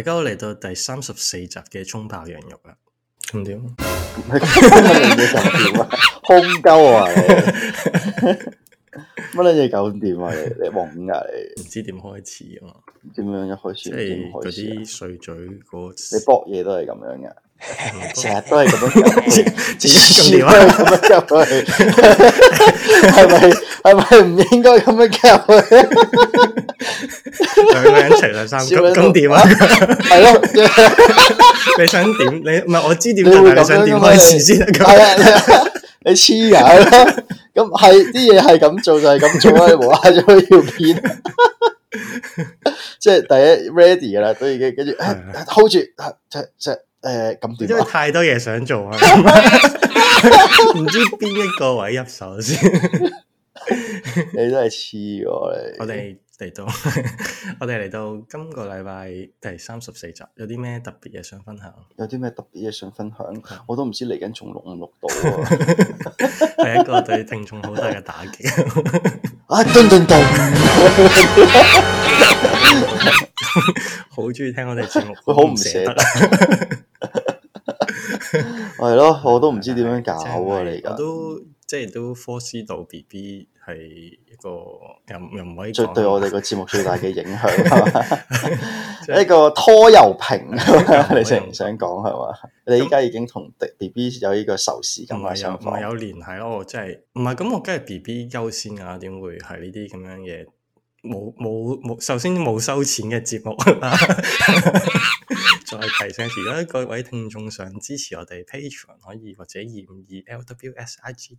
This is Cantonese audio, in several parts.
大家嚟到第三十四集嘅蔥爆羊肉啦，唔掂，乜嘢搞掂啊？ 空鳩啊！乜你哋搞掂啊？你你望 啊？你唔、啊、知點開始啊？嘛？點樣一開始？即係嗰啲碎嘴嗰，那個、你駁嘢都係咁樣㗎。傻到咁樣，黐線咁樣入、啊、 去，係咪係咪唔應該咁樣入去？兩兩除晒衫，咁咁點啊？係咯，你，你，你想點？ 你唔係我知點就係你想點開事先啦。係啊，就是、你黐牙咁係啲嘢，係咁做就係咁做啊，冇啦咗做條片。 即係第一 ready 噶啦，都已經跟住，hold 住， 誒，咁、嗯，因為太多嘢想做啊，唔 知邊一個位入手先、 啊。你都係黐我哋，我哋嚟到， 我哋嚟到今個禮拜第三十四集，有啲咩特別嘢想分享？ 有啲咩特別嘢想分享？ 我都唔知嚟緊仲錄唔錄到啊，係 一個對聽眾好大嘅打擊。 啊，咚咚咚，好中意聽我哋節目佢好唔捨得。 係咯， 我都唔知點樣搞啊！你而家 我都即係都科斯到 B B 係一個又又唔可以講最對我哋個節目最大嘅影響， 就是， 一個拖油瓶，你成唔想講係嘛？你依家已經同 B B 有呢個仇視咁啊？唔係有聯繫咯，即係唔係咁？我梗係 B B 優先啊，點會係呢啲咁樣嘢？冇冇冇，首先冇收錢嘅節目。 再提醒其他各位聽眾，想支持我哋 Patreon，可以或者二五二 l w s i g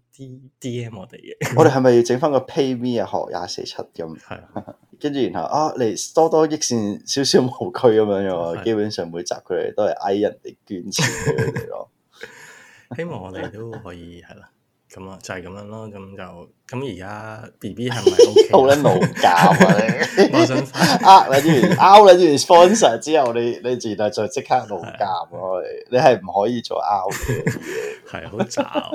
d m 我哋嘅。我哋係咪要整翻個 PayMe 啊，學廿四七咁？係跟住然後啊，你多多益善，少少無區咁樣樣。 基本上每集佢哋都係嗌人哋捐錢俾佢哋咯。 希望我哋都可以係啦。 咁、OK、 啊，就係咁樣咯，咁就咁而家 B B 係咪 O K？好捻怒夾啊！我想呃你之前拗你 sponsor 之後，你你自然就再即刻怒夾咯、啊， 你係唔可以做拗嘅，係好渣。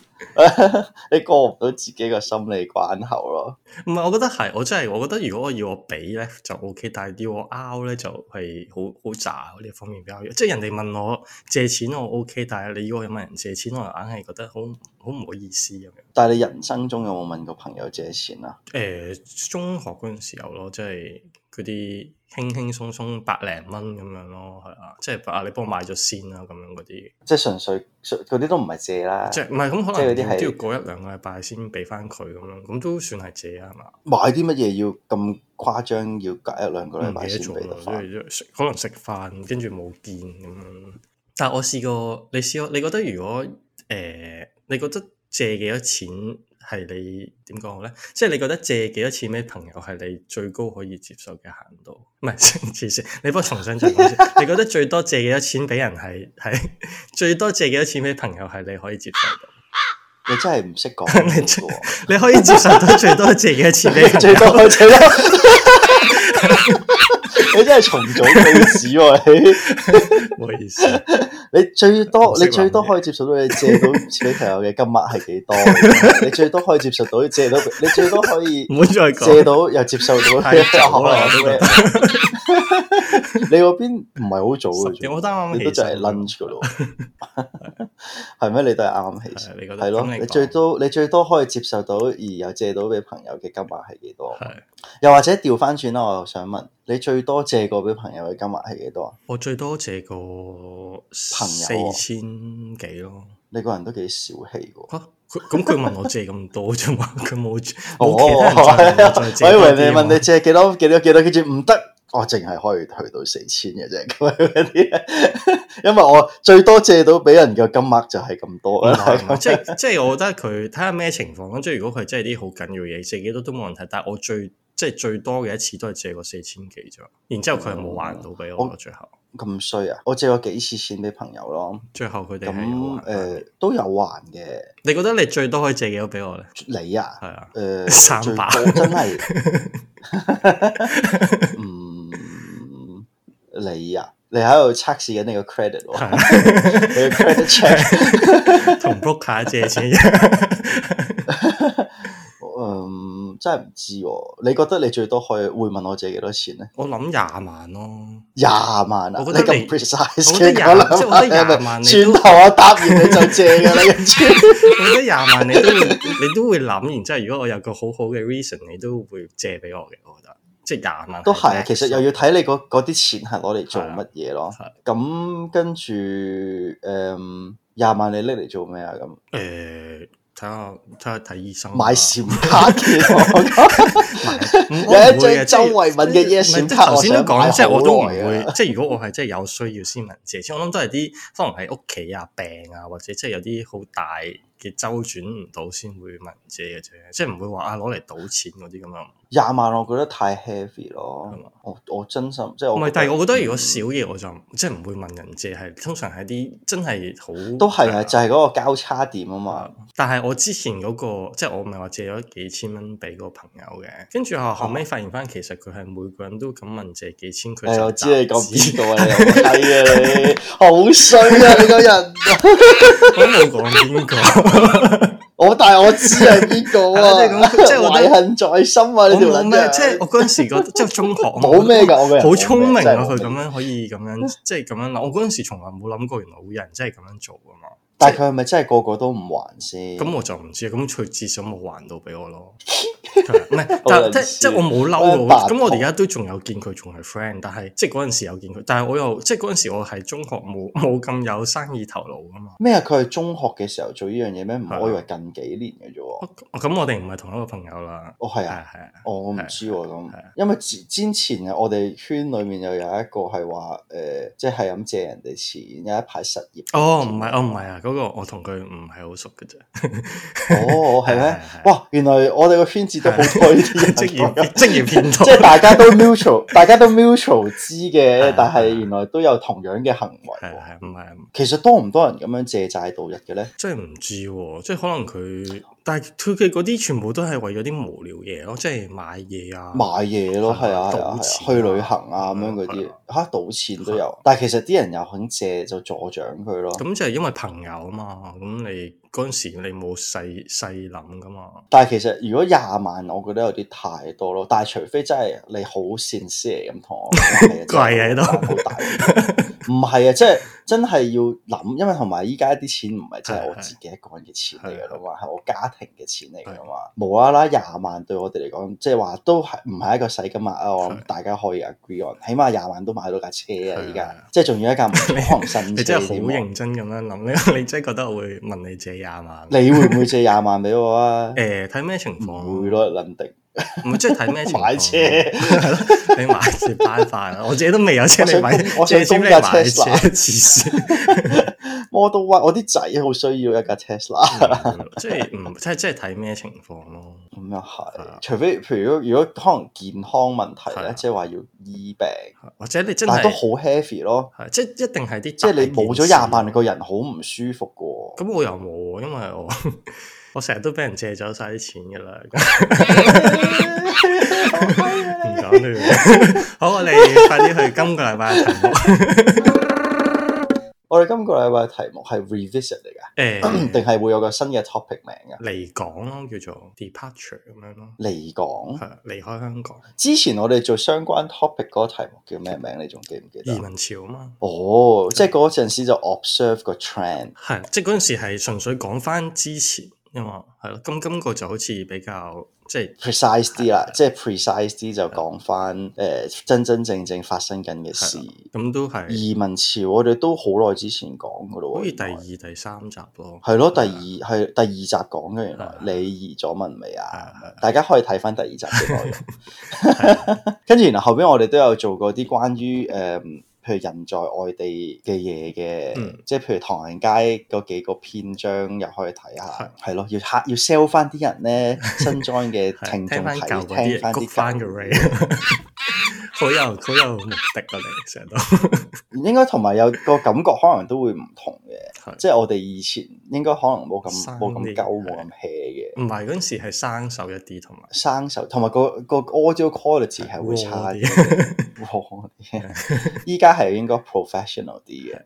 你過唔到自己個心理關口咯？唔係，我覺得係，我真係，我覺得如果我要我俾咧就 OK，但係要我拗咧就係好好渣。嗰啲方面比較，即係人哋問我借錢我 OK，但係你要我問人借錢我硬係覺得好好唔好意思咁樣。但係你人生中有冇問過朋友借錢啊？誒、呃，中學嗰陣時候咯，即係。佢啲輕輕鬆鬆百零蚊咁樣咯，係啊，即係啊，你幫我買咗先啦、啊，咁樣嗰啲，即係純粹，嗰啲都唔係借啦，即係唔係咁可能即，即係嗰啲係要過一兩個禮拜先畀翻佢咁樣，咁都算係借啊嘛。買啲乜嘢要咁誇張？要隔一兩個禮拜先嚟個？可能食飯跟住冇見咁樣。但係我試過，你試過，你覺得如果誒、呃，你覺得借幾多錢？係你點講好咧？即係你覺得借幾多錢俾朋友係你最高可以接受嘅限度？唔係，先你不如重新再講先。 你覺得最多借幾多錢俾人係係？最多借幾多錢俾朋友係你可以接受到？你真係唔識講，你你可以接受到最多借幾多錢俾 最多借咯？你真係重早到屎喎！唔好意思，你最多你最多可以接受到你借到俾朋友嘅金額係幾多？你最多可以接受到借到，你最多可以借到又接受到嘅。你嗰邊唔係好早嘅，你都就係 lunch 咗咯，係咩？你都係啱啱起，係咯。你最多你最多可以接受到而又借到俾朋友嘅金額係幾多？又或者調翻轉啦，我又想問你最多借過俾朋友嘅金額係幾多啊？我最多借過。我朋友四、哦、千幾咯，你個人都幾小氣喎。咁佢、啊、問我借咁多啫嘛，佢冇、哦、我、哦啊、借我以為你問你借幾多幾多幾多，跟住唔得，我淨係可以去到四千嘅啫。咁啲，因為我最多借到俾人嘅金額就係咁多。即係即係，我覺得佢睇下咩情況。即係如果佢真係啲好緊要嘢，借幾多都冇問題。但係我最即係最多嘅一次都係借過四千幾啫。然之後佢係冇還到俾我 最後。咁衰啊！我借過幾次錢俾朋友咯，最後佢哋咁誒都有還嘅。你覺得你最多可以借幾多俾我咧？你啊？係啊。誒、呃，三百最多真係。 嗯，你啊？你喺度測試緊你個 credit、啊、 你喎。credit check。同 book 戶借錢。 真係唔知喎，你覺得你最多可以會問我借幾多錢咧？我諗廿萬咯，廿萬啊！我覺得咁 precise，我覺得廿萬，轉頭我答完你就借㗎啦。 我覺得廿萬你都會你都會諗，然之後如果我有個好好嘅 reason，你都會借俾我嘅。我覺得即係廿萬都係，其實又要睇你嗰啲錢係攞嚟做乜嘢咯。咁跟住誒，廿萬你拎嚟做咩啊？咁誒、嗯。嗯睇下，睇下睇醫生，買閃卡，有一張周慧敏嘅 yes 閃卡。我頭先都講啦，即係我都唔會， 即係如果我係真係有需要先問借錢。我諗都係啲可能喺屋企啊、病啊，或者即係有啲好大。嘅週轉唔到先會問借嘅啫，即係唔會話啊攞嚟賭錢嗰啲咁樣。廿萬我覺得太 heavy 咯對吧，我真我真心即係唔係？但係我覺得如果少嘢我就即係唔會問人借，係通常係啲真係好都係啊，人啊就係嗰個交叉點啊嘛。對吧 但係我之前嗰、那個即係、就是、我唔係話借咗幾千蚊俾個朋友嘅，跟住我後尾發現翻其實佢係每個人都咁問借幾千，佢就答。係啊，你，你好衰啊！你個人都唔講邊個。我但係我知係邊個啊，即係懷恨在心啊！你條捻嘢，即係我嗰陣時覺得，即係中學冇咩噶，我好聰明啊！佢咁樣可以咁樣，即係咁樣嗱，我嗰陣時從來冇諗過，原來會有人真係咁樣做噶嘛？但係佢係咪真係個個都唔還先？咁我就唔知，咁佢至少冇還到俾我咯。唔係，但即即我冇嬲噶，咁我哋而家都仲有見佢仲係 friend，但係即嗰陣時有見佢，但係我又即嗰陣時我係中學冇冇咁有生意頭腦啊嘛。咩啊？佢係中學嘅時候做呢樣嘢咩？唔係，我以為近幾年嘅啫。咁我哋唔係同一個朋友啦。哦，係啊，係啊。我唔知咁，因為之前我哋圈裏面又有一個係話，誒，即係咁借人哋錢，有一排失業。哦，唔係，哦，唔係啊，嗰個我同佢唔係好熟嘅啫。哦，係咩？哇，原來我哋個圈子。職 業，職業片 即係大家都 mutual， 大家都 mutual 知嘅， 但係原來都有同樣嘅行為。係唔係？其實多唔多人咁樣借債度日嘅咧？即係唔知，即係可能佢。但係佢嘅嗰啲全部都係為咗啲無聊嘢咯，即係買嘢啊，買嘢咯，係啊，去旅行啊咁樣嗰啲，吓賭錢都有。但係其實啲人又肯借就助長佢咯。咁就係因為朋友啊嘛，咁你嗰陣時你冇細細諗噶嘛。但係其實如果廿萬，我覺得有啲太多咯。但係除非真係你好善思咁同我，貴啊都好大。唔係啊，即係真係要諗，因為同埋依家啲錢唔係真係我自己一個人嘅錢嚟噶咯，話係我家停嘅錢嚟噶嘛，的無啦啦廿萬對我哋嚟講，即係話都係唔係一個細金額啊！的我諗大家可以 agree on，起碼廿萬都買到架車啊！而家的即係仲要一架狂神車，即係好認真咁樣諗咧， 你真係覺得我會問你借廿萬？你會唔會借廿萬俾我啊？誒、 呃，睇咩情況咯？會咯，諗定。唔係即係睇咩？買車係咯， 你買車翻翻，我自己都未有車，我想你買借車嚟買車，其實 我都話，我啲仔好需要一架 Tesla， 嗯、即係唔即係即係睇咩情況咯。咁又係，除非譬如果如,如果可能健康問題咧，的即係話要醫病，的或者你真係都好 heavy 咯，即係一定係啲，即係你冇咗廿萬個人好唔舒服噶。咁我又冇，因為我。 我成日都俾人借走晒啲錢噶啦，唔講佢。好，我哋快啲去今個禮拜嘅題目。我哋今個禮拜嘅題目係 revisit 嚟噶，誒，定係會有個新嘅 topic 名噶？離港咯叫做 departure 咁樣咯。離港係離開香港。之前我哋做相關 topic 嗰個題目叫咩名？你仲記唔記得？移民潮啊嘛。哦，即係嗰陣時就 observe 個 trend，係，即係嗰陣時係純粹講翻之前。因為係咯，咁今個就好似比較即係 precise 啲啦，即係 precise 啲就講翻誒真真正正發生緊嘅事，咁都係移民潮，我哋都好耐之前講過咯，好似第二第三集咯，係咯第二係第二集講嘅，原來你移咗民未啊？大家可以睇翻第二集嘅內容，跟住然後後邊我哋都有做過啲關於誒。佢人在外地嘅嘢嘅，嗯、即係譬如唐人街嗰幾個篇章，又可以睇下。係咯的，要嚇要 sell 翻啲人咧，新裝嘅聽眾睇聽翻啲舊嘅嘢 佢又佢又難的啊！你成日都 應該同埋有個感覺，可能都會唔同嘅，即係是我哋以前應該可能冇咁冇咁高冇咁 hea 嘅。唔係嗰陣時係生手一啲，同埋生手同埋個個 audio quality 係會差啲。依家係應該 professional 啲嘅。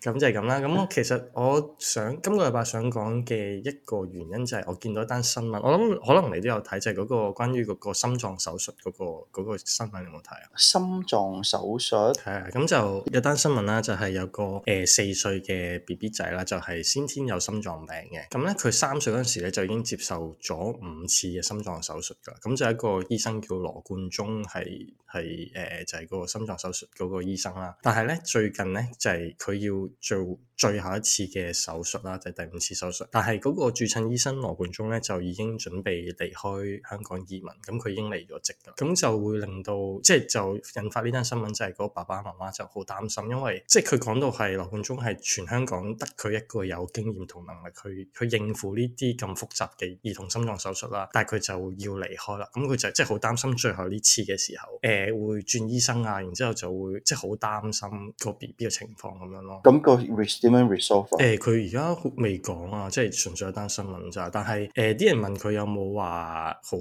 咁就係咁啦。咁其實我想今個禮拜想講嘅一個原因，就係我見到一單新聞，我諗可能你都有睇，就係嗰個關於嗰個心臟手術嗰個。嗰個新聞有冇睇啊？心臟手術係啊，咁就有一單新聞啦，就係、是、有個誒四、呃、歲嘅 BB 仔啦，就係、是、先天有心臟病嘅。咁咧，佢三歲嗰陣時咧就已經接受咗五次嘅心臟手術㗎。咁就係一個醫生叫羅冠中，係係誒就係、是、嗰個心臟手術嗰個醫生啦。但係咧最近咧就係、是、佢要做。最後一次嘅手術啦，就係第五次手術。但係嗰個駐診醫生羅冠中咧，就已經準備離開香港移民，咁佢已經離咗職㗎，咁就會令到即係就引發呢單新聞，就係個爸爸媽媽就好擔心，因為即係佢講到係羅冠中係全香港得佢一個有經驗同能力去去應付呢啲咁複雜嘅兒童心臟手術啦，但係佢就要離開啦，咁佢就即係好擔心最後呢次嘅時候，誒會轉醫生啊，然之後就會即係好擔心個 BB 嘅情況咁樣咯。咁個。誒，佢而家未講啊，即係純粹一單新聞咋。但係誒啲人問佢有冇話好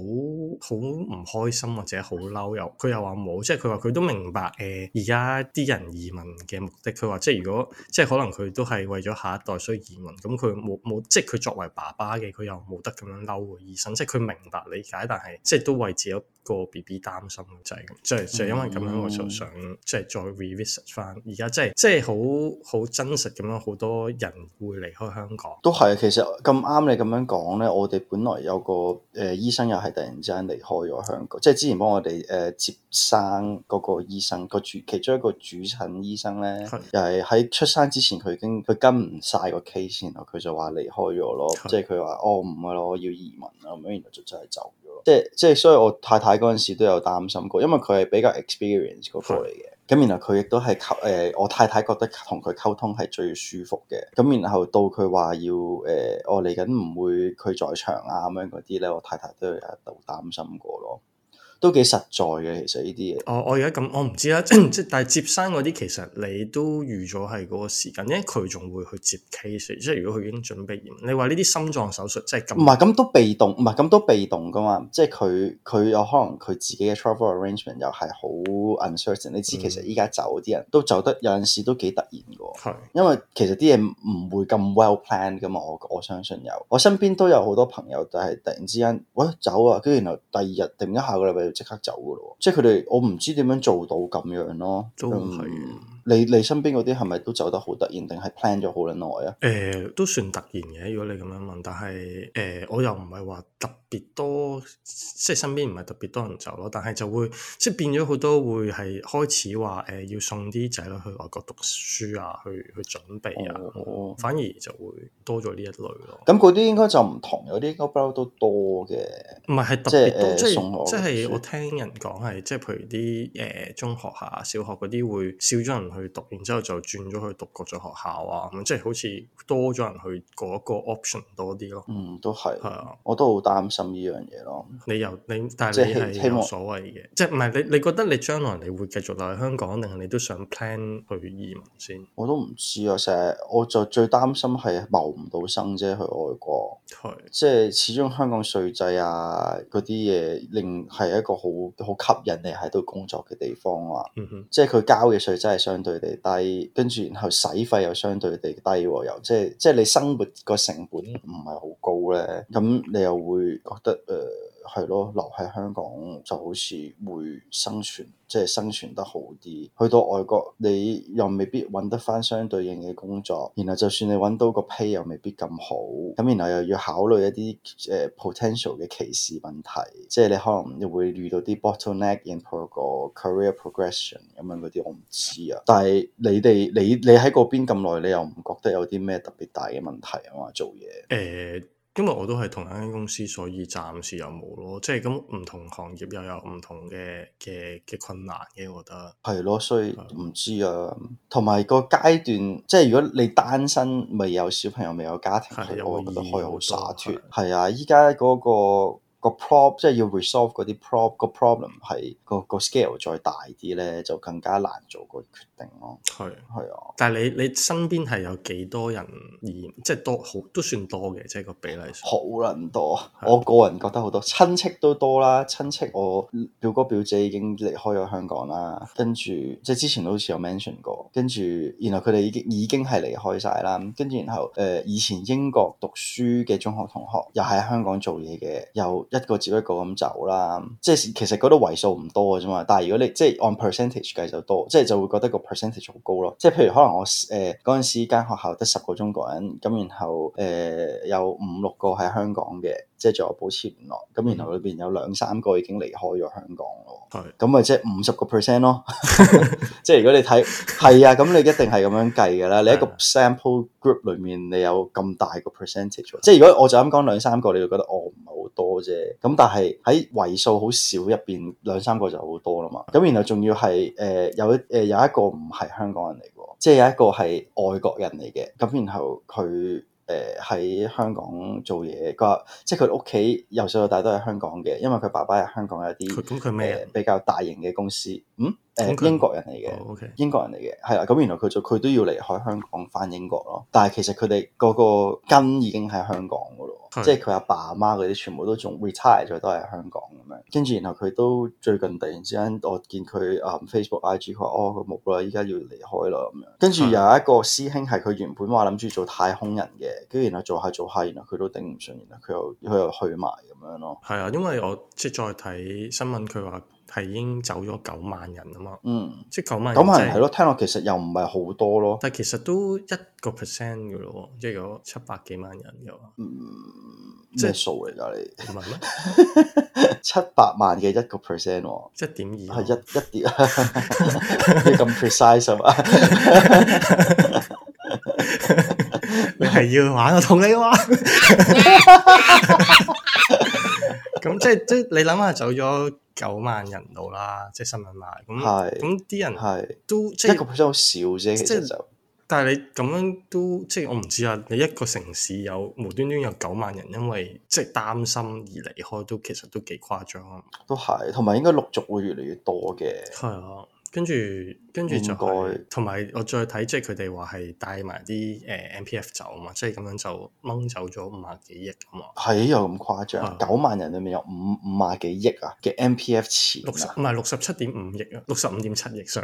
好唔開心或者好嬲又，佢又話冇。即係佢話佢都明白誒而家啲人移民嘅目的。佢話即係如果即係可能佢都係為咗下一代需要移民，咁佢冇冇即係佢作為爸爸嘅，佢又冇得咁樣嬲個醫生。即係佢明白理解，但係即係都為自己一個 BB 擔心嘅就咁，是，即係就係，是，因為咁樣我就想，嗯，即係再 revisit 翻而家即係即係好好真實咁咯。好多人會離開香港，都係啊！其實咁啱你咁樣講咧，我哋本來有個誒、呃、醫生，又係突然之間離開咗香港。即係之前幫我哋誒、呃、接生嗰個醫生，個主其中一個主診醫生咧，又係喺出生之前，佢已經佢跟唔晒個 case，然後佢就話離開咗咯。的即係佢話：哦唔係咯，要，我要移民啊咁樣，然後就真係走咗。即即係所以，我太太嗰陣時都有擔心過，因為佢係比較 experience 嗰個嚟嘅的。咁然後佢亦都係我太太覺得同佢溝通係最舒服嘅。咁然後到佢話要、呃、我嚟緊唔會佢在場啊咁樣嗰啲咧，我太太都有一度擔心過咯。都幾實在嘅，其實呢啲嘢。哦，我而家咁，我唔知啦、啊，即係 但係接生嗰啲，其實你都預咗係嗰個時間，因為佢仲會去接 case。即係如果佢已經準備完，你話呢啲心臟手術即係咁。唔係咁都被動，唔係咁都被動㗎嘛。即係佢佢有可能佢自己嘅 travel arrangement 又係好 uncertain、嗯。你知其實依家走啲人都走得有陣時都幾突然㗎。係的。因為其實啲嘢唔會咁 well plan 㗎嘛。我我相信有，我身邊都有好多朋友，就係突然之間，喂走啊，跟住然後第二日定一下個禮拜。即刻走噶咯，即係佢哋，我唔知點樣做到咁樣咯。都係做，你你身邊嗰啲係咪都走得好突然，定係 plan 咗好耐啊？誒、呃，都算突然嘅，如果你咁樣問，但係誒、呃，我又唔係話。特別多，即係身邊唔係特別多人走咯，但係就會即係變咗好多，會係開始話誒、呃、要送啲仔女去外國讀書啊，去去準備啊，oh, oh, oh, 反而就會多咗呢一類咯。咁嗰啲應該就唔同，有啲歐洲都多嘅，唔係係特別多，uh, 即係我聽人講係，即係譬如啲誒中學下、小學嗰啲會少咗人去讀，然之後就轉咗去讀國際學校啊，咁即係好似多咗人去嗰、那個 option 多啲咯。嗯，都係係啊，我都好擔心呢樣嘢咯，你由你，但係你係有所謂嘅。望即係唔係你？你覺得你將來你會繼續留喺香港，定係你都想 plan 去移民先？我都唔知啊，成日我就最擔心係謀唔到生啫，去外國，的即係始終香港稅制啊嗰啲嘢，令係一個好好吸引你喺度工作嘅地方啊，嗯、哼即係佢交嘅稅真係相對地低，跟住然後使費又相對地低，啊，又即係即係你生活個成本唔係好高咧，咁、嗯、你又會？會覺得誒係咯，留喺香港就好似會生存，即係生存得好啲。去到外國，你又未必揾得返相對應嘅工作，然後就算你揾到個 pay 又未必咁好，咁然後又要考慮一啲誒、呃、potential 嘅歧視問題，即係你可能又會遇到啲 bottleneck in 個 career progression 咁樣嗰啲，我唔知啊。但係你哋你你喺嗰邊咁耐，你又唔覺得有啲咩特別大嘅問題啊嘛？做嘢誒。誒因為我都係同一間公司，所以暫時又冇咯。即係咁唔同行業又有唔同嘅嘅嘅困難嘅，我覺得係咯，所以唔知啊。同埋個階段，即係如果你單身未有小朋友、未有家庭，係我覺得可以好灑的脫。係啊的，而家嗰個。個 problem 即係要 resolve 嗰啲 problem 個 problem 係個個 scale 再大啲咧，就更加難做個決定咯。係係是啊，但係你你身邊係有幾多人而即係多好都算多嘅，即係個比例好撚多。是我個人覺得好多親戚都多啦，親戚我表哥表姐已經離開咗香港啦，跟住即係之前都好似有 mention 過，跟住然後佢哋已經已經係離開晒啦。跟住然後誒、呃、以前英國讀書嘅中學同學又喺香港做嘢嘅又。一個接一個咁走啦，即係其實嗰度為數唔多嘅啫嘛，但係如果你即係按 percentage 計就多，即係就會覺得個 percentage 好高咯。即係譬如可能我誒嗰陣時間學校得十個中國人，咁然後誒、呃、有五六個喺香港嘅。即係仲有保持聯絡，咁然後裏邊有兩三個已經離開咗香港、嗯、咯，咁咪 即係五十個 percent 咯。即係如果你睇係啊，咁你一定係咁樣計㗎啦。啊、你一個 sample group 裏面，你有咁大個 percentage、啊、即係如果我就咁講兩三個，你就覺得我唔係好多啫。咁但係喺為數好少入邊，兩三個就好多啦嘛。咁然後仲要係誒有誒、呃有，呃、有一個唔係香港人嚟嘅，即係有一個係外國人嚟嘅。咁然後佢。誒喺香港做嘢，佢話即係佢屋企由細到大都喺香港嘅，因為佢爸爸喺香港一啲誒、呃、比較大型嘅公司。嗯，誒 Okay. 英國人嚟嘅，oh, okay. 英國人嚟嘅，係啦，咁原來佢就佢都要離開香港返英國咯。但係其實佢哋嗰個根已經喺香港噶咯，的即係佢阿爸阿媽嗰啲全部都仲 retire 咗，都喺香港咁樣。跟住然後佢都最近突然之間，我見佢誒 Facebook IG 佢話：哦，佢冇啦，依家要離開啦咁樣。跟住有一個師兄係佢原本話諗住做太空人嘅，跟住然後做下做下，然後佢都頂唔順，然後佢又佢又去埋咁樣咯。係啊，因為我即係再睇新聞，佢話。係已經走咗九萬人啊嘛，嗯人，嗯，嗯，即係九萬，咁係係咯，聽落其實又唔係好多咯。但係其實都一個 percent 噶咯，即係有七百幾萬人有。嗯、啊，即咩數嚟？你七百萬嘅一個 percent，一點二係一一碟？啊，咁 precise 啊嘛？ 你係要玩我同你玩 ？ 咁 即係即係你諗下走咗九萬人度啦，即係新聞話咁，咁啲是人都是即係一個 percent 好少啫，其實就，但係你咁樣都即係我唔知啊，你一個城市有無端端有九萬人因為即係擔心而離開，都其實都幾誇張啊，都係，同埋應該陸續會越嚟越多嘅，係啊。跟住，跟住就係同埋，該我再睇，即係佢哋話係帶埋啲誒 M P F 走嘛，即係咁樣就掹走咗五啊幾億咁嘛！係又咁誇張，九的萬人裏面有五五啊幾億啊嘅 M P F 錢，六十唔係六十七點五億啊，六十五點七億上，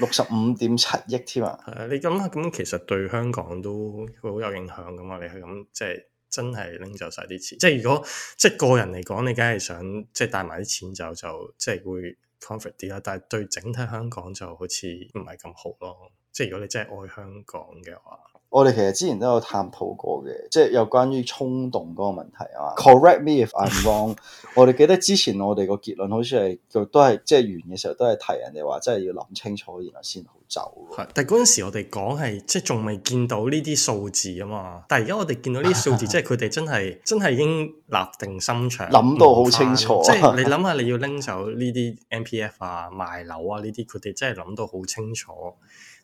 六十五點七億添啊！係啊，你咁啊，咁 其實對香港都會好有影響噶嘛？你咁即係真係拎走晒啲錢，即係如果即係個人嚟講，你梗係想即係帶埋啲錢走，就即係會。comfort 啲啦，但係對整體香港就好似唔係咁好咯。即係如果你真係愛香港嘅話。我哋其實之前都有探討過嘅，即係有關於衝動嗰個問題啊嘛。Correct me if I'm wrong 我哋記得之前我哋個結論好似係都都係即係完嘅時候都係提人哋話，即係要諗清楚然後先好走。係，但係嗰陣時我哋講係即係仲未見到呢啲數字啊嘛。但係而家我哋見到呢啲數字， 即係佢哋真係真係已經立定心腸，諗到好清楚。 即係你諗下，你要拎走呢啲 MPF 啊、賣樓啊呢啲，佢哋真係諗到好清楚。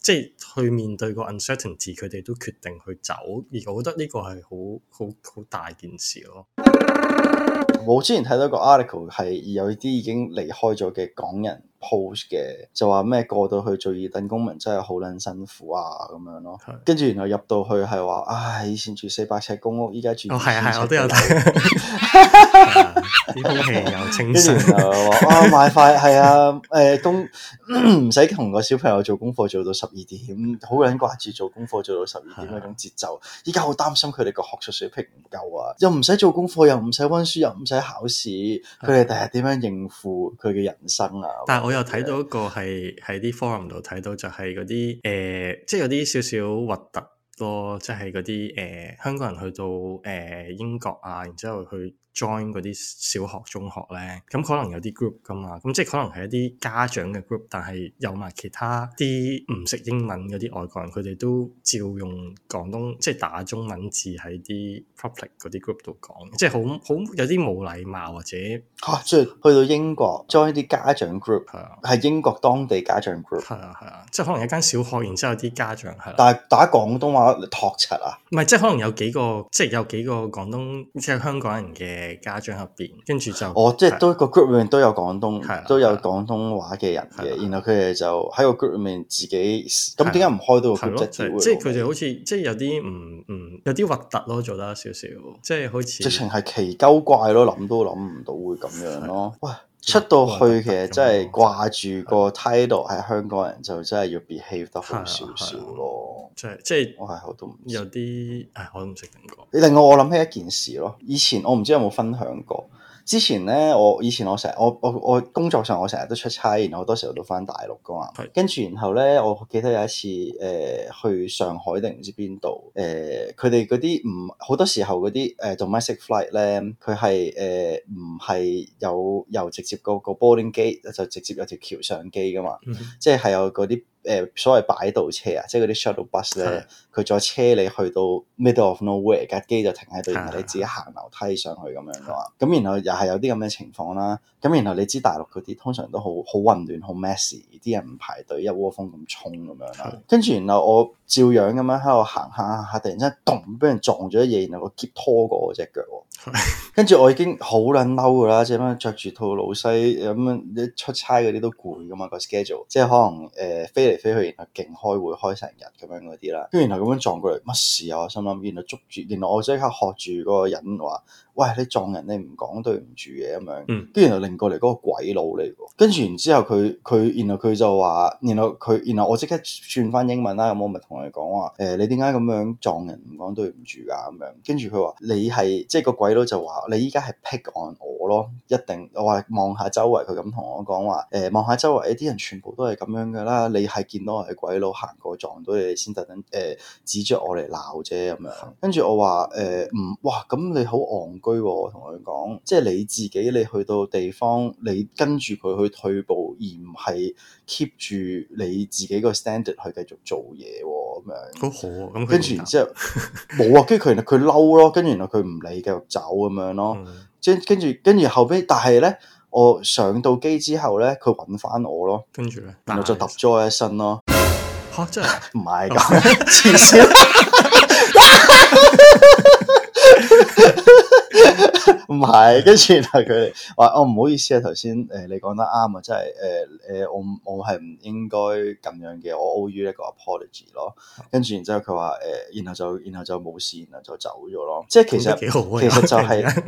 即係去面對個 uncertainty，佢哋都決定去走，而我覺得呢個係好好好大件事咯。我之前睇到個 article 係有啲已經離開咗嘅港人 post 嘅，就話咩過到去做二等公民真係好撚辛苦啊咁樣咯。跟住的然後入到去係話，唉、哎，以前住四百尺公屋，依家住，哦，係啊，係啊，我都有睇。 啲小朋又清新，哇 說！買快係啊，誒，工唔使同個小朋友做功課做到十二點，好撚掛住做功課做到十二點嗰種節奏。而家好擔心佢哋個學術水平唔夠啊，又唔使做功課，又唔使溫書，又唔使考試，佢哋第日點樣應付佢嘅人生啊？但係我又睇到一個係喺啲 forum 度睇到就、呃，就係嗰啲誒，即係有啲少少核突咯，即係嗰啲誒，香港人去到誒、呃、英國啊，然之後去。Join 嗰啲小學、中學咧，咁可能有啲 group 噶嘛，咁即係可能係一啲家長嘅 group，但係有埋其他啲唔識英文嗰啲外國人，佢哋都照用廣東即係打中文字喺啲 public 嗰啲 group 度講，即係好好有啲冇禮貌或者嚇，即係、啊、去到英國 join 啲家長 group 係、啊、英國當地家長 group 係啊係啊，啊，即係可能一間小學，然之後啲家長係，啊、但係打廣東話托柒啊，唔係即係可能有幾個即係有幾個廣東即係香港人嘅。家長入邊，跟住就，哦、oh, 的，即係都個 group 入面都有廣東，都有廣東話嘅人嘅，然後佢哋就喺個 group 入面自己，咁點解唔開到個 group 即係佢哋好似即係有啲唔唔有啲核突咯，做得少少，即係好似直情係奇鳩怪咯，諗都諗唔到會咁樣咯哇。的出到去其實、嗯、真係掛住個 title、嗯，係香港人就真係要 behave 得好少少咯。即係即係，我係好都唔有啲，唉、就是哎，我都唔識點講。你、哎、令我我諗起一件事咯。以前我唔知有冇分享過。之前咧，我以前我成日我我我工作上我成日都出差，然後好多時候都翻大陸噶嘛。跟住的然後咧，我記得有一次誒、呃、去上海定唔知邊度誒，佢哋嗰啲唔好多時候嗰啲誒、呃、domestic flight 咧，佢係誒唔係有又直接嗰個 boarding gate，就直接有條橋上機噶嘛，嗯、哼即係有嗰啲。誒、呃、所謂擺渡車啊，即係嗰啲 shuttle bus 咧，佢的再車你去到 middle of nowhere，架機就停喺度，是的 然後你自己行樓梯上去咁樣噶。咁是的 然後又係有啲咁嘅情況啦。咁然後你知大陸嗰啲通常都好好混亂，好 messy，啲人唔排隊，一窩蜂咁衝咁樣啦。跟住是的 然後我照樣咁樣喺度行下下，突然間咚，俾人撞咗嘢，然後我喼拖過我隻腳。 跟住我已經好撚嬲噶啦，即係咁樣着住套老西咁樣，你出差嗰啲都攰噶嘛，個 schedule，即係可能誒、呃、飛嚟飛去，然後勁開會開成日咁樣嗰啲啦，跟住然後咁樣撞過嚟乜事啊？我心諗，原來捉住，原來我即刻喝住嗰個人話，喂，你撞人你唔講對唔住嘅咁樣，跟住然後擰過嚟嗰個鬼佬嚟，跟住然之後佢佢，然後佢就話，然後佢然，然後我即刻轉翻英文啦，咁我咪同佢講話，誒、呃，你點解咁樣撞人唔講對唔住噶？咁樣，跟住佢話你係即係、這個鬼。鬼佬就話：你依家係 pick on 我咯，一定我話望下周圍，佢咁同我講話，誒、呃、望下周圍啲人全部都係咁樣㗎啦。你係見到我係鬼佬行過撞到你先，特登誒指著我嚟鬧啫咁樣。跟住我話誒唔哇，咁你好戇居喎，同佢講，即係你自己，你去到地方，你跟住佢去退步，而唔係 keep 住你自己個 standard 去繼續做嘢喎、哦。咁樣，跟住、嗯嗯嗯、然之後冇啊，跟住佢，佢嬲咯，跟住原來佢唔理，繼續走咁樣咯。即係跟住，跟住後尾，但係咧，我上到機之後咧，佢揾翻我咯。跟住咧，然後就揼咗我一身咯。吓、啊，真係唔係噶，黐線。唔係，跟住 然後佢話哦，唔好意思啊，頭先誒你講得啱啊，即係誒誒我我係唔應該咁樣嘅，我 owe you 一個 apology 咯，跟住然之後佢話誒然後就然後就冇事啦，就走咗咯。即係其實其實就係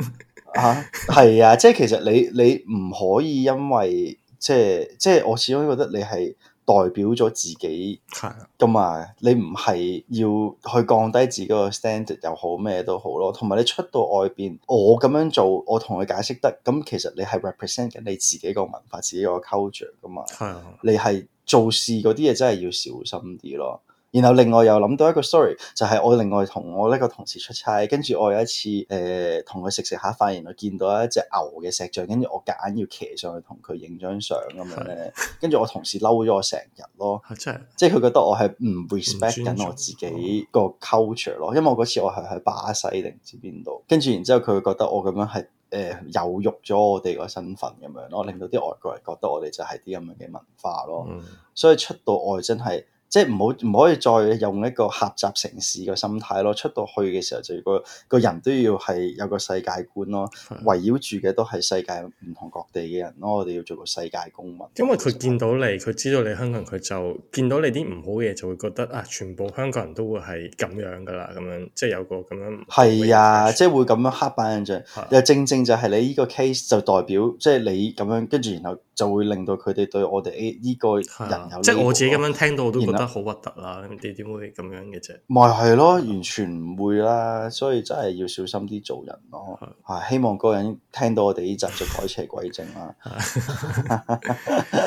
啊，係啊，即係其實你你唔可以因為即係即係我始終覺得你係。代表咗自己係啊，咁啊，你唔係要去降低自己個 standard 又好咩都好咯，同埋你出到外邊，我咁樣做，我同佢解釋得，咁其實你係 represent 緊你自己個文化、自己個 culture 噶嘛，係你係做事嗰啲嘢真係要小心啲咯。然後另外又諗到一個 story 就係、是、我另外同我呢個同事出差，跟住我有一次誒同佢食食下飯，然後見到一隻牛嘅石像，跟住我夾硬要騎上去同佢影張相咁樣咧。是跟住我同事嬲咗我成日咯， 即係佢覺得我係唔 respect 緊我自己個 culture 咯、嗯。因為我嗰次我係喺巴西定唔知邊度，跟住然之後佢會覺得我咁樣係誒侮辱咗我哋個身份咁樣咯，令到啲外國人覺得我哋就係啲咁樣嘅文化咯。嗯、所以出到外真係～即係唔好唔可以再用一個狹窄城市嘅心態咯，出到去嘅時候就個個人都要係有個世界觀咯，圍繞住嘅都係世界唔同各地嘅人咯，我哋要做個世界公民。因為佢見到你，佢、嗯、知道你香港人，佢就見到你啲唔好嘢，就會覺得啊，全部香港人都會係咁樣噶啦，咁樣即係有個咁樣。係啊，即係會咁樣刻板印象。又正正就係你呢個 case 就代表，即係你咁樣跟住，然後就會令到佢哋對我哋呢個人有即係我自己咁樣聽到都得好核突啦！你哋點會咁樣嘅啫？咪係咯，完全唔會啦。所以真係要小心啲做人咯。係的、啊、希望嗰個人聽到我哋呢陣就改邪歸正啦。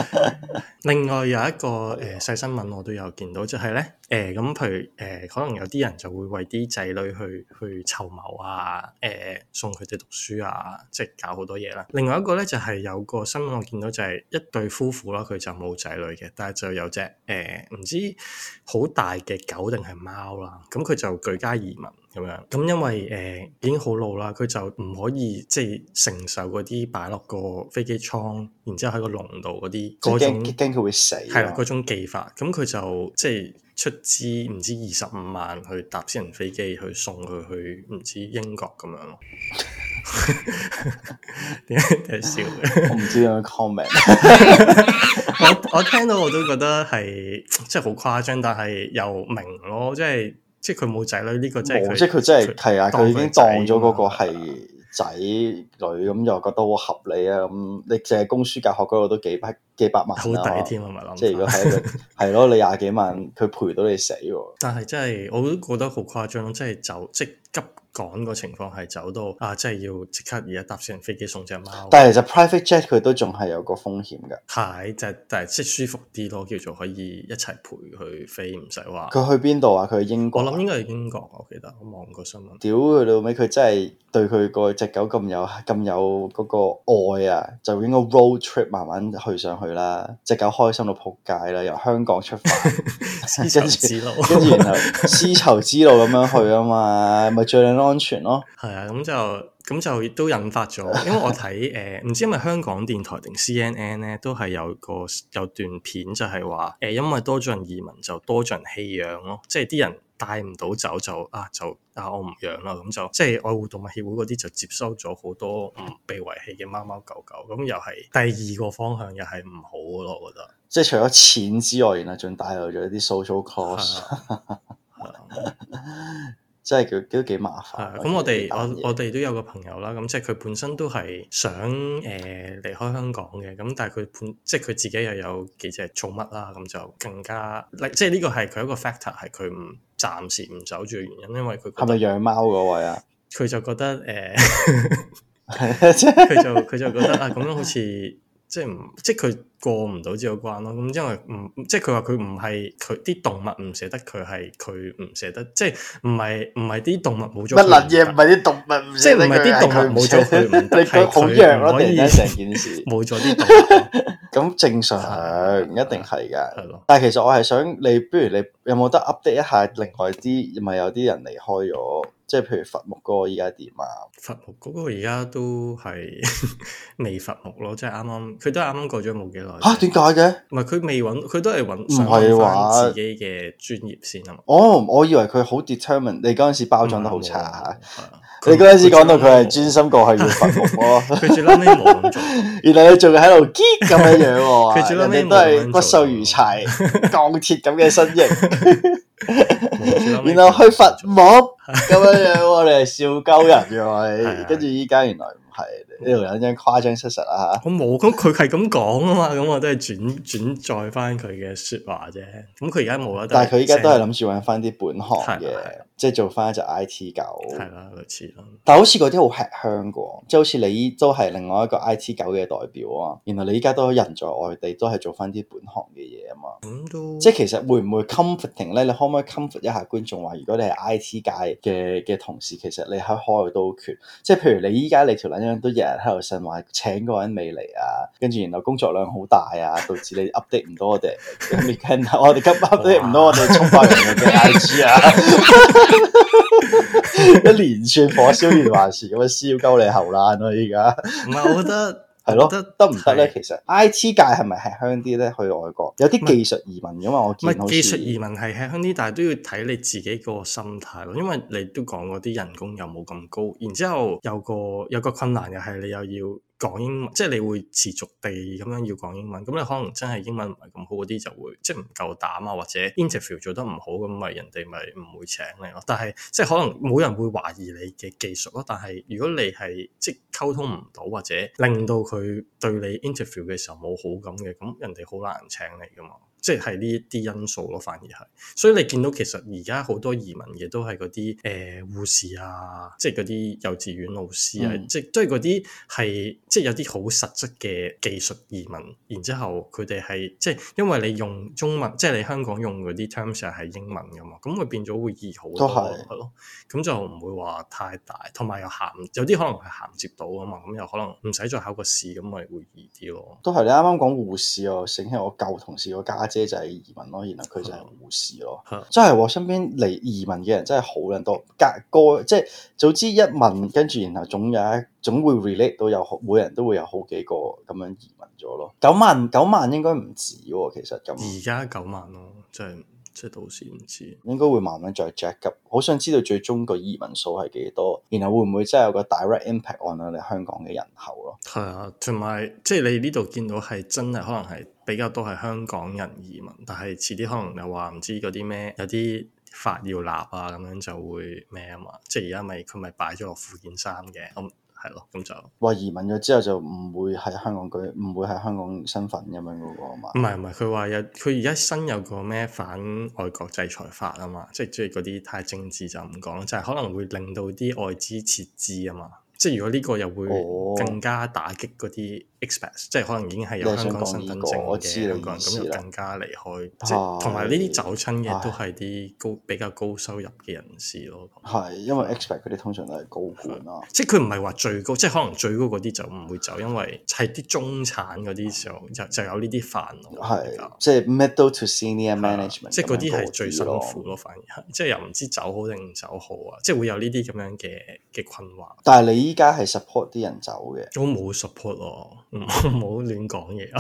另外有一個誒、呃、細新聞，我都有見到，就係咧誒咁，呃、譬如誒、呃、可能有啲人就會為啲仔女去去籌謀啊，誒、呃、送佢哋讀書啊，即、就、係、是、搞好多嘢啦。另外一個咧就係、是、有個新聞我見到，就係一對夫婦啦，佢就冇仔女嘅，但係就有隻誒唔知。啲好大嘅狗定係貓啦，咁佢就舉家移民。咁樣，咁因為誒、呃、已經好老啦，佢就唔可以即係、就是、承受嗰啲擺落個飛機艙，然之後喺個籠度嗰啲，驚佢會死、啊，係啦嗰種技法，咁佢就即係出資唔知二十五萬去搭私人飛機去送佢去唔知英國咁樣咯。點解睇笑？， 唔 知有咩 comment？ 我聽到我都覺得係即係好誇張，但係又明咯，即係即係佢冇仔女呢個真係即係佢真係係去 啊！佢已經當咗嗰個係仔女，咁又覺得好合理啊！咁你淨係供書教學嗰個都幾不。幾百萬好抵添，係咪諗？即係如果喺個係咯， 你廿幾萬佢賠到你死喎！ 但係真係我都覺得好誇張，真係走即急趕個情況係走到啊！即係要即刻而家搭乘飛機送隻貓。但係其實 private jet 佢都仲係有個風險噶。係就是、但係即係舒服啲咯，叫做可以一齊陪佢飛，唔使話。佢去邊度啊？佢去英國、啊、我諗應該係英國，我記得我望過新聞。屌佢老尾，佢真係對佢個隻狗咁有咁有嗰個愛啊！就應該 road trip 慢慢去上去。去啦，隻狗開心到扑街啦！由香港出發，絲綢之路，跟 然後絲綢之路咁樣去啊嘛，咪 最安全咯。係 啊，咁就咁就都引發咗，因為我睇誒，唔、呃、知係咪香港電台定 CNN 咧，都係有個有段片就係話，誒、呃，因為多咗人移民，就多咗人棄養咯，即係啲人。帶唔到走就，啊就啊，我唔養啦。咁就即係愛護動物協會嗰啲就接收咗好多唔被遺棄嘅貓貓狗狗，咁又係第二個方向又係唔好咯，我覺得即係除咗錢之外，原來仲帶來咗一啲 social cost。 即係佢都幾麻煩。咁我哋我我哋都有個朋友啦。咁即係佢本身都係想誒離開香港嘅。咁但係佢本即係佢自己又有幾隻寵物啦。咁就更加即係呢個係佢一個 factor 係佢唔暫時唔走住嘅原因，因為佢係咪養貓嗰位啊？佢就覺得誒，佢就佢就覺得啊，咁樣好似。即係唔即係佢過唔到只有關咯，咁因為唔即係佢話佢唔係佢啲動物唔捨得，佢係佢唔捨得，即係唔係唔係啲動物冇咗。乜嘢唔係啲動物，即係唔係啲動物冇咗佢，唔係佢唔可以成件事冇咗啲動物咁正常唔 一定係噶。的的但係其實我係想你，不如你有冇得 update 一下另外啲咪有啲人離開咗？即係譬如伐木嗰個而家點啊？伐木嗰個而家都係未伐木咯，即係啱啱佢都係啱啱過咗冇幾耐。吓點解嘅？唔係佢未揾，佢都係揾唔係話自己嘅專業先啊？哦，我以為佢好 determined 你嗰陣時包裝得好差。係你嗰陣時講到佢係專心過去要伐木咯。佢 做 r u n n i 原來你仲喺度激咁樣樣佢 做 r u 都係骨瘦如柴、鋼鐵咁嘅身形。 然後去佛墓咁樣樣，我哋係笑鳩人嘅，跟住依家原來唔係。呢度有張誇張失實，實啊嚇！我冇咁佢係咁講啊嘛，咁我都係轉轉載翻佢嘅説話啫。咁佢而家冇喇，但係佢而家都係諗住揾翻啲本行嘅，吧即係做翻一隻 I T 狗。係啦，類似咯。但係好似嗰啲好吃香嘅，即係好似你都係另外一個 I T 狗嘅代表啊，原來你依家都人在外地，都係做翻啲本行嘅嘢啊嘛。咁、嗯、都即係其實會唔會 comforting 咧？你可唔可以 comfort 一下觀眾話，如果你係 I T 界嘅嘅同事，其實你喺海外都缺。即係譬如你依家你條撚樣都喺度諗話請嗰個人未嚟啊，跟住然後工作量好大啊，導致你 update 唔到我哋， 我哋今 update 唔到我哋充翻人嘅 IG 啊， 一連串火燒連環事咁樣燒鳩你喉爛咯，啊，依家唔係我覺得。 係咯，得得唔得咧？其實 I T 界係咪吃香啲咧？去外國有啲技術移民，因為但我見好似技術移民係吃香啲，但係都要睇你自己個心態咯。因為你都講過啲人工又冇咁高，然之後有個有個困難又係你又要。講英文，即係你會持續地咁樣要講英文。咁你可能真係英文唔係咁好嗰啲，就會即係唔夠膽啊，或者 interview 做得唔好咁，咪人哋咪唔會請你咯。但係即係可能冇人會懷疑你嘅技術咯。但係如果你係即係溝通唔到，或者令到佢對你 interview 嘅時候冇好感嘅，咁人哋好難請你㗎嘛。即係呢一啲因素咯，反而係，所以你見到其實而家好多移民嘅都係嗰啲誒護士啊，即係嗰啲幼稚園老師啊，嗯、即係都係嗰啲係即係有啲好實質嘅技術移民。然之後佢哋係即係因為你用中文，即係你香港用嗰啲 terms 係英文㗎嘛，咁佢變咗會易好多是咯。咁就唔會話太大，同埋又銜有啲可能係銜接到啊嘛，咁又可能唔使再考個試，咁咪會易啲咯。都係你啱啱講護士啊，醒起我舊同事個家。姐仔移民咯，然後佢就係護士咯，真係我身邊嚟移民嘅人真係好人多，隔個即係早知一問，跟住然後總有一總會 relate 到有每人都會有好幾個咁樣移民咗咯。九萬九萬應該唔止喎。其實咁而家九萬咯，即係。即係到時唔知，應該會慢慢再 jack up。好想知道最終個移民數係幾多，然後會唔會真係有個 direct impact on 我哋香港嘅人口咯？係啊，同埋即係你呢度見到係真係可能係比較多係香港人移民，但係遲啲可能又話唔知嗰啲咩有啲法要立啊，咁樣就會咩啊嘛？即係而家咪佢咪擺咗落附件三嘅咁。嗯係咯，咁就話移民咗之後就唔會喺香港居，唔會喺香港身份咁樣嗰個嘛。唔係唔係，佢話有佢而家新有個咩反外國制裁法啊嘛，即係即係嗰啲太政治就唔講，就係、是、可能會令到啲外資撤資啊嘛，即係如果呢個又會更加打擊嗰啲。哦 Express 即係可能已經係有香港身份證嘅兩個我知人，咁就更加離開，即係同埋呢啲走親嘅都係啲高是比較高收入嘅人士咯。係因為 Express 嗰啲通常都係高官啊，即係佢唔係話最高，即係可能最高嗰啲就唔會走，嗯、因為係啲中產嗰啲就就、嗯、就有呢啲煩惱。係即係 middle to senior management，即係嗰啲係最辛苦咯，反而即係又唔知走好定唔走好啊，即係會有呢啲咁樣嘅嘅困惑。但係你依家係 support 啲人走嘅，都冇 support 喎。唔好亂講嘢啊！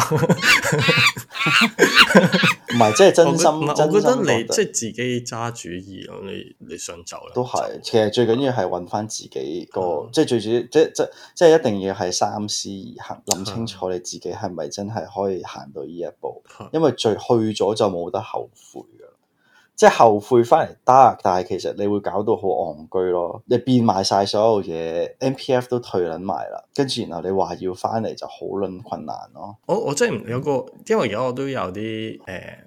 唔係即係真心，唔係我，我覺得你即係、即係、自己揸主意，你你想走都係是。走其實最緊要係搵返自己個的，即係最主要，即即即係一定要係三思而行，諗的清楚你自己係咪真係可以行到呢一步，的因為去去咗就冇得後悔。即係後悔翻嚟 d，但係其實你會搞到好戇居咯，你變賣晒所有嘢，MPF 都退撚埋啦，跟住然後你話要翻嚟就好撚困難咯。我我即係有個，因為而家我都有啲誒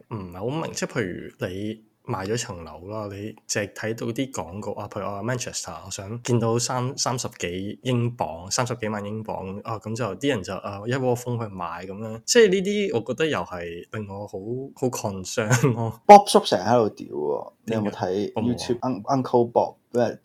唔係好明，即係譬如你。賣咗層樓啦，你淨係睇到啲廣告啊，譬如啊 Manchester，我想見到三三十幾英鎊，三十幾萬英鎊啊，咁就啲人就啊一窩蜂去買咁樣，即係呢啲，我覺得又係令我好好 concern 咯。Concern, 啊、Bob 叔成日喺度屌啊，你有冇睇 YouTube Uncle Bob？我冇。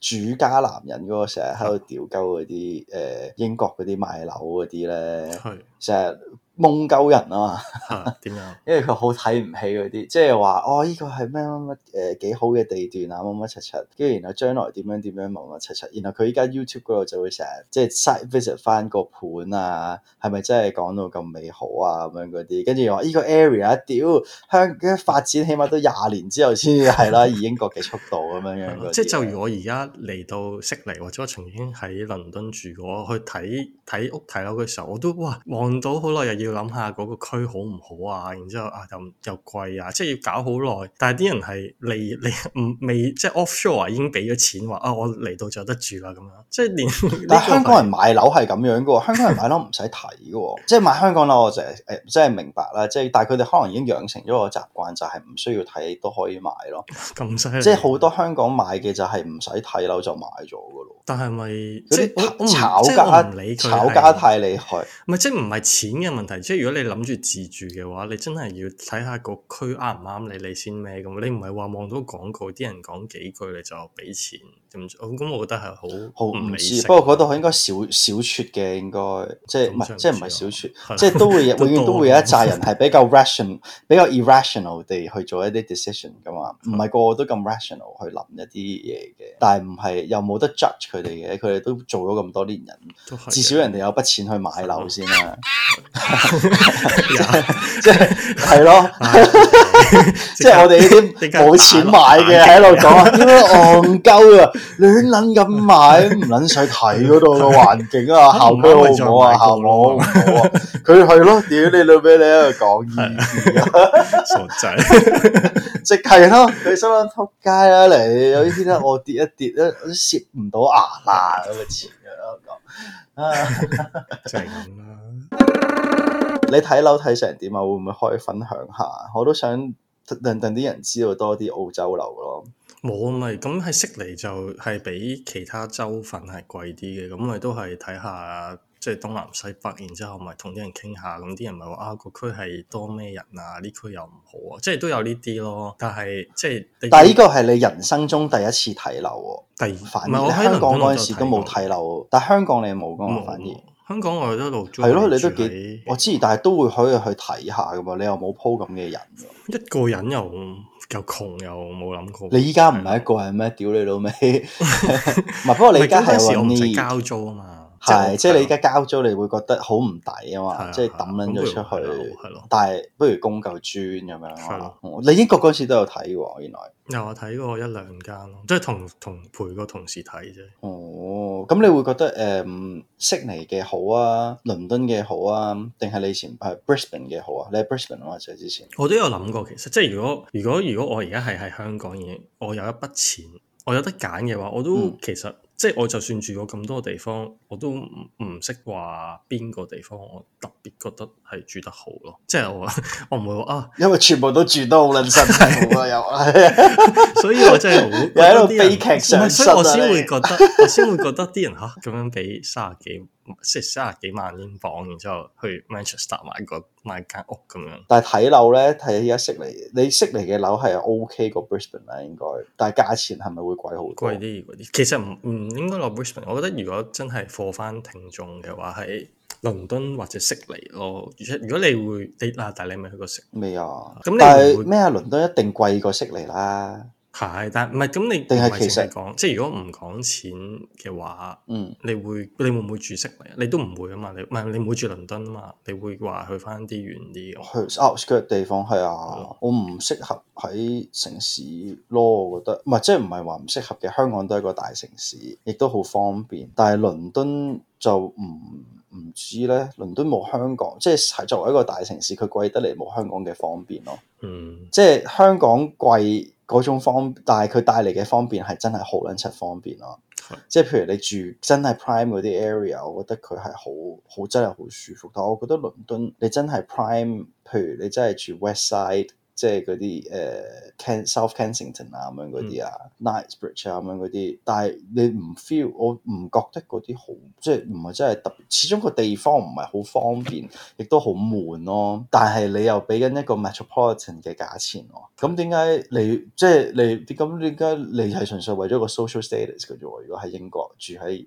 主家男人嗰個成日喺度屌鳩嗰啲，誒英國嗰啲賣樓嗰啲咧，成日懵鳩人啊嘛，點樣？因為佢好睇唔起嗰啲，即係話哦，依個係咩咩咩誒幾好嘅地段啊，乜乜柒柒，跟住然後將來點樣點樣乜乜柒柒，然後佢依家 YouTube 嗰度就會成日即係 s visit 返個盤啊，係咪真係講到咁美好啊咁樣嗰啲？跟住又話依個 area，屌香港發展起碼都廿年之後先至係啦，以英國嘅速度咁樣樣，即係就如我而家嚟到悉尼或者我曾經喺倫敦住過，去睇睇屋睇樓嘅時候，我都哇望到好耐，又要諗下嗰個區好唔好啊？然之後啊又又貴啊，即係要搞好耐。但係啲人係嚟嚟唔未即係 offshore 已經俾咗錢，話啊我嚟到就得住啦咁樣。即係連但係香港人買樓係咁樣噶喎，香港人買樓唔使睇噶喎， 即係買香港樓我就誒即係明白啦。即係但係佢哋可能已經養成咗個習慣，就係、是、唔需要睇都可以買咯。咁犀利！即係好多香港買嘅就係唔使。再睇樓就買咗噶咯。但係咪即炒家炒家太厲害？唔係即唔係錢嘅問題。即如果你諗住自住嘅話，你真係要睇下個區啱唔啱你，你先咩咁。你唔係話望到廣告啲人講幾句你就俾錢咁。咁我覺得係好好唔理性。不過嗰度應該少少缺嘅，應該即唔係即唔係少缺，即都會永遠都會有一扎人係比較 rational、比較 irrational 地去做一啲 decision 㗎嘛。唔係個個都咁 rational 去諗一啲嘢嘅，但係唔係又冇得 judge。嚟嘅，佢哋都做咗咁多年人，至少人哋有筆錢去買樓先啦，即係係咯。 即係我哋呢啲冇錢買嘅喺度講，點解戇鳩啊？亂撚咁買，唔撚想睇嗰度嘅環境啊，效果好唔好啊？效果好唔好啊？佢係咯，屌你老味 瓜， 你喺度講嘢，傻仔，即係咯，佢想扑街啦，你有啲咧，我跌一跌咧，啊這個，我都蝕唔到牙啦咁嘅錢嘅，我講啊， 正啦。你睇樓睇成點啊？會唔會可以分享下？我都想等啲人知道多啲澳洲樓咯。冇咪咁喺悉尼就係比其他州份係貴啲嘅。咁咪都係睇下即係東南西北，然之後咪同啲人傾下。咁啲人咪話啊、呢個區係多咩人啊？呢區又唔好啊！即係都有呢啲咯。但係即係但係呢個係你人生中第一次睇樓喎。第二反唔而是香港嗰陣那時都冇睇樓，但係香港你冇噶嘛？哦、反而。哦香港我哋都度係咯，你都幾我知，但係都會可以去睇下噶嘛。你又冇鋪咁嘅人的，一個人又又窮又冇諗過。你依家唔係一個人咩？屌你老味！唔係，不過你依家係話要交租啊嘛。係，是就即係你而家交租你會覺得好唔抵啊嘛，即係抌捻咗出去，係咯、嗯。但係不如供嚿磚咁樣咯。你英國嗰時，都有睇喎，原來。又有啊，睇過一兩間咯，即係同同陪個同事睇啫。哦，咁你會覺得誒，悉、嗯、尼嘅好啊，倫敦嘅好啊，定係你以前誒，Brisbane 嘅好啊？你喺 Brisbane 啊嘛，就係、是、之前。我都有諗過，其實即係如果如果如果我而家係喺香港嘅，我有一筆錢，我有得揀嘅話，我都其實。嗯即係我就算住過咁多地方，我都唔識話邊個地方，特別覺得係住得好咯，即、就、係、是、我我唔會話啊，因為全部都住得好撚新。我有、啊，所以我真係又喺度悲劇上，所以我先會覺得， 我先會覺得啲人吓，咁、啊、樣俾三十幾，即係三啊幾萬英鎊，然之後去 Manchester 買個買間屋咁樣。但係睇樓咧，睇依家悉尼，你悉尼嘅樓係 OK 過 Brisbane 啦、啊，應該，但係價錢係咪會貴好多？貴啲，貴啲。其實唔唔應該落 Brisbane，我覺得如果真係貨翻聽眾嘅話係。倫敦或者悉尼咯。而且如果你會，你啊，但係你未去過悉尼啊？咁有、嗯、你咩啊？倫敦一定貴過悉尼啦。係，但唔係咁你定係其實講即係，如果唔講錢嘅話，嗯你，你會你會唔會住悉尼啊？你都唔會啊嘛？你唔係你唔會住倫敦啊嘛？你會話去翻啲遠啲去 outside 地方係啊？我唔適合喺城市咯，我覺得唔係即係唔係話唔適合嘅。香港都係個大城市，亦都好方便，但係倫敦就唔。唔知咧，倫敦冇香港，即係作為一個大城市，佢貴得嚟冇香港嘅方便咯。嗯，即係香港貴嗰種方，但係佢帶嚟嘅方便係真係好撚七方便咯。是即係譬如你住真係 prime 嗰啲 area，我覺得佢係好好真係好舒服。但係我覺得倫敦你真係 prime，譬如你真係住 West Side。即係嗰啲誒 Can South Kensington 啊，咁樣嗰啲啊，Knightsbridge 啊，咁樣嗰啲，但係你唔 feel，我唔覺得嗰啲好，即係唔係真係特別，始終個地方唔係好方便，亦都好悶咯。但係你又俾緊一個 metropolitan 嘅價錢喎，咁點解你即係你咁點解你係純粹為咗個 social status 嘅啫？如果喺英國住喺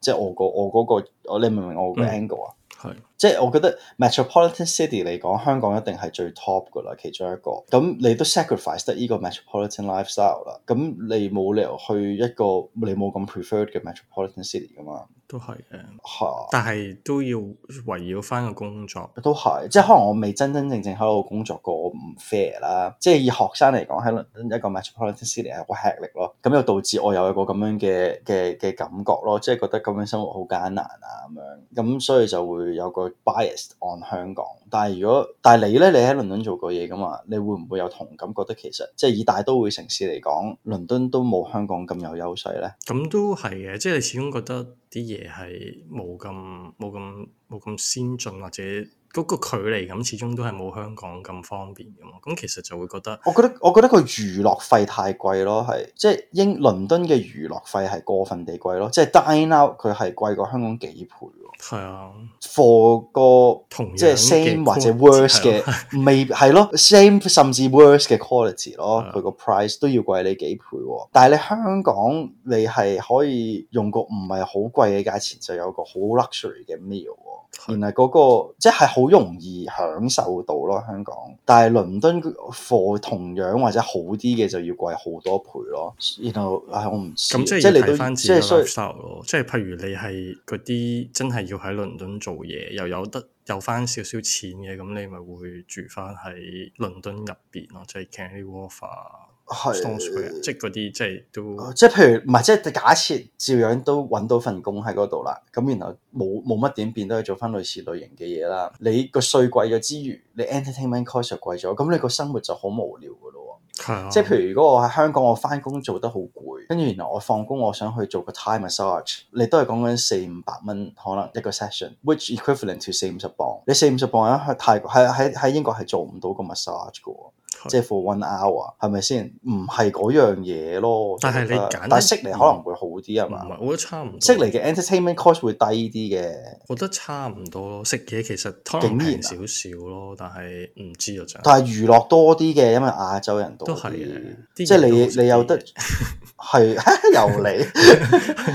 即係我個我嗰、嗰個我你明唔明我個 angle 啊？係、嗯、即係我覺得 metropolitan city 嚟講，香港一定係最 top 噶啦，其中一個咁你都 sacrifice 得呢個 metropolitan lifestyle 啦，咁你冇理由去一個你冇咁 preferred 嘅 metropolitan city 噶嘛？都係，但係都要圍繞翻個工作，啊、都係，即係可能我未真真正正喺度工作過，我唔 fair 啦。即係以學生嚟講，喺倫敦一個 metropolitan city 係好吃力咯，咁又導致我有一個咁樣嘅嘅嘅感覺咯，即係覺得。咁樣生活好艱難啊，咁樣咁所以就會有個 bias on 香港。但係如果，但係你咧，你喺倫敦做過嘢噶嘛？你會唔會有同感，感？覺得其實即係以大都會城市嚟講，倫敦都冇香港咁有優勢咧。咁都係嘅，即係你始終覺得啲嘢係冇咁冇咁冇咁先進或者。嗰個距離咁，始終都係冇香港咁方便嘅嘛。咁其實就會覺得，我覺得我覺得佢娛樂費太貴咯，係即係英倫敦嘅娛樂費係過分地貴咯。即係 dine out 佢係貴過香港幾倍喎。係啊，for 個同樣即係 same 或者 worse 嘅，未係咯，same 甚至 worse 嘅 quality 咯，佢個 price 都要貴你幾倍。但係你香港，你係可以用個唔係好貴嘅價錢就有個好 luxury 嘅 meal。原來嗰、那個即係好容易享受到咯，香港。但係倫敦貨同樣或者好啲嘅就要貴好多倍咯。然後，唉、哎，我唔知咁即係要睇翻自己嘅 style 咯是。即係是譬如你係嗰啲真係要喺倫敦做嘢，又有得有翻少少錢嘅，咁你咪會住翻喺倫敦入邊咯，即、就、係、是、Canary Wharf 係是、呃，即嗰啲即係都，即係譬如唔係，即係假設照樣都揾到份工喺嗰度啦。咁、嗯、然後冇冇乜點變都係做翻類似類型嘅嘢啦。你個稅貴咗之餘，你 entertainment cost 貴咗，咁、嗯、你個生活就好無聊噶咯。嗯、即係譬如如果我喺香港，我翻工做得好攰，跟住原來我放工，我想去做個 Thai massage，你都係講緊四五百蚊，可能一個 session，which equivalent to 四五十磅。你四五十磅喺泰國喺喺喺英國係做唔到個 massage 噶。即係 for one hour 係咪先？唔係嗰樣嘢咯。但係你揀，但係悉尼可能會好啲啊嘛。我覺得差唔多。悉尼嘅 entertainment cost 會低啲嘅。我覺得差唔多咯。食嘢其實點點竟然少少咯，但係唔知啊。但係娛樂多啲嘅，因為亞洲人都係。即係你你有得係又嚟理笑。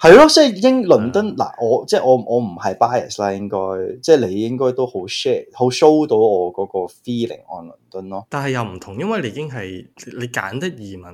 係咯，即係英倫敦嗱、嗯，我即係我我唔係 bias 啦，應該即係你應該都好 share，好 show 到我嗰個 feeling on 倫敦咯。但係又唔同，因為你已經係你揀得移民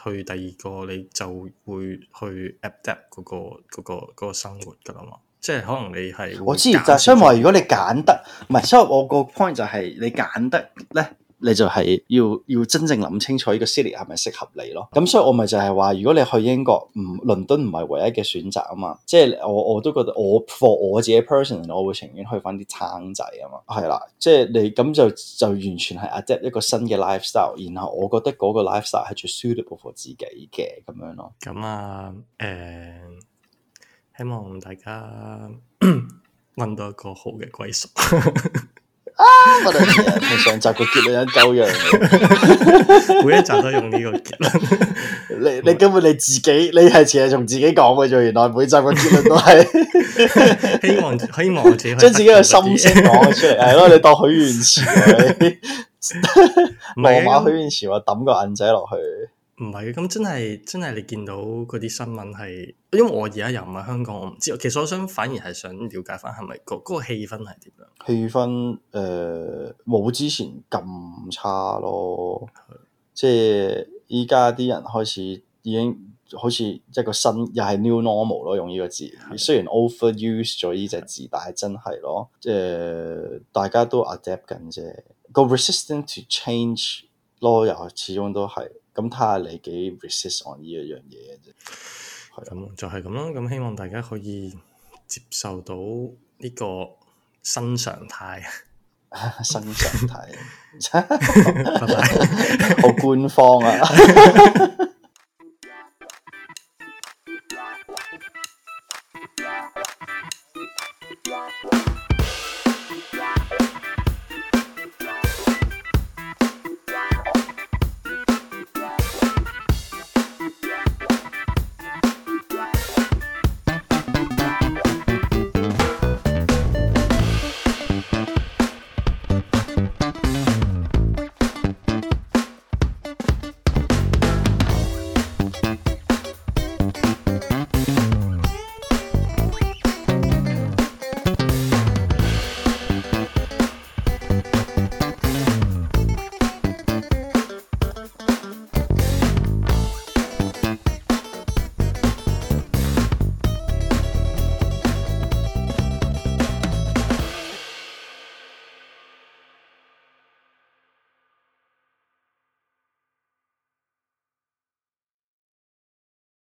去第二個，你就會去 adapt 嗰個嗰個嗰個生活噶啦嘛。即係可能你係我知，就係因為如果你揀得唔係，所以我個 point 就係你揀得咧。你就係要要真正諗清楚呢個 city 係咪適合你咯。咁所以我咪就係話，如果你去英國，唔倫敦唔係唯一嘅選擇啊嘛。即係我我都覺得我 for 我自己 person，我會情願去返啲㗱仔啊嘛。係啦，即係你咁就就完全係 adapt 一個新嘅 lifestyle。然後我覺得嗰個 lifestyle 係最 suitable for 自己嘅咁樣咯。咁啊，誒、呃，希望大家揾 到一個好嘅歸宿。 啊！我哋上集個結論有夠樣，每一集都用呢個結論。 你你根本你自己，你係淨係同自己講嘅啫。原來每集個結論都係， 希望希望將自己嘅心聲講出嚟，係咯。 你當許願池，羅 馬許願池，我抌個銀仔落去。唔係嘅，咁真係真係你見到嗰啲新聞係，因為我而家又唔喺香港，我唔知。其實我想反而係想了解翻、嗰個，係咪嗰嗰個氣氛係點樣？氣氛誒，冇、呃、之前咁差咯。的即係依家啲人開始已經好似一個新，又係 new normal 咯，用呢個字。的雖然 overuse 咗呢隻字，的但係真係咯。誒、呃，大家都 adapt 緊啫，個 resistant to change。咯，又始終都係咁，睇下你幾 resist on 呢一樣嘢啫。係咁、嗯，就係咁啦。咁希望大家可以接受到呢個新常態。 新常態，好官方啊！